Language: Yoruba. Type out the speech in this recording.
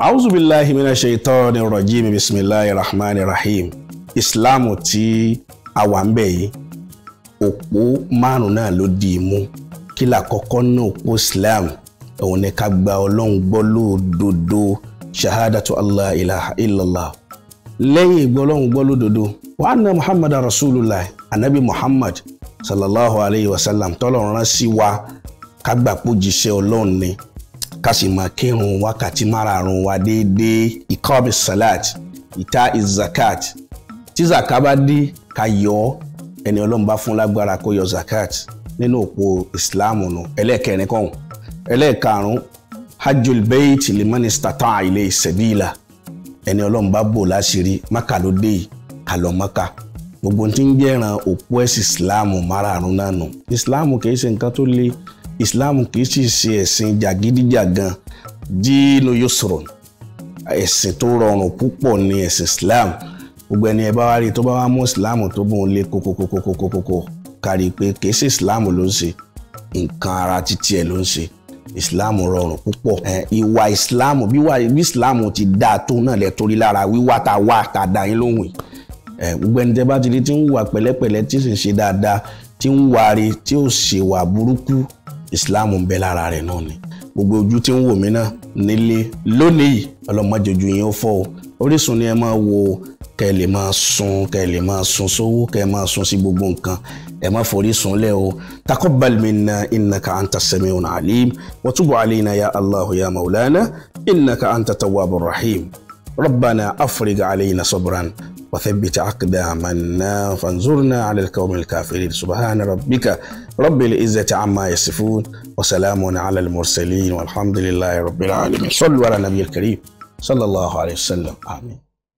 auzu billahi mina shaitani rajim bisimilahi rahmani rahim ìsìláàmù tí a wà ń bẹ̀ yìí òpó márùn náà ló di imú kí làkọ́kọ́ náà òpó islam òun ni ká gba ọlọ́run gbọ́ lódodo shahadatu allah ilaha illallah lẹ́yìn ìgbọ́ ọlọ́run gbọ́ lódodo wa anna muhammad rasulullah anabi muhammad sallallahu alayhi wa sallam tọ́lọ́run rán sí wa ká gbà pé òjíṣẹ́ ni ká sì máa kírun wákàtí márààrún wa déédéé ìkọ́mi salat ìta ìzakat tí zaka bá dé ká yọ ọ́ ẹni ọlọ́run bá fún lágbára kó yọ zakat nínú òpó ìsìláàmù nù ẹlẹ́ẹ̀kẹrin kọ́hún ẹlẹ́ẹ̀karùn-ún hajjul bayt limani stata ilé ìsẹ̀bíìlà ẹni ọlọ́run bá bò láṣìírí maka ló dé kàlọ́ maka gbogbo tí ń jẹ́ràn òpó ẹ̀sìn ìsìláàmù márààrún náà nù ìsìláàmù kì í ṣe nǹkan tó le islam kì í sì ṣe ẹ̀sìn jàgídíjàgan díìnù yóò sọ̀rọ̀ ẹ̀sìn tó rọrùn púpọ̀ ni ẹ̀sìn islam gbogbo ẹni ẹ bá wá rí i tó bá wá mú islam tó bóun lé kókókókókókókó kárí pé kì í ṣe islam ló ń ṣe nǹkan ara títí ẹ ló ń ṣe islam rọrùn púpọ̀ ìwà islam bí islam ti dáa tó náà lẹ torí lára wíwá ta wá ta dá yín lóhùn yìí gbogbo ẹni tẹ bá ti rí tí ń wà pẹ̀lẹ́pẹ̀lẹ́ tí sì ń ṣe dáadáa tí ń wari tí ó ṣèwà burúkú islam ń bẹ lára rẹ̀ náà ni gbogbo ojú tí ń wò mí náà nílé lónìí ọlọmọdé ojú yín ó fọ́ o Orísun ni ẹ máa wo kẹ ẹ lè máa sun kẹ ẹ lè máa sun sówó kẹ ẹ máa sun sí gbogbo nǹkan ẹ má forí sunlẹ̀ o taqabbal minna innaka anta sami'un alim wa tub ya allahu ya maulana innaka anta tawwabur rahim rabbana afrigh alayna sabran. وثبت أقدامنا فانظرنا على القوم الكافرين سبحان ربك رب العزة عما يصفون وسلام على المرسلين والحمد لله رب العالمين صلوا على النبي الكريم صلى الله عليه وسلم آمين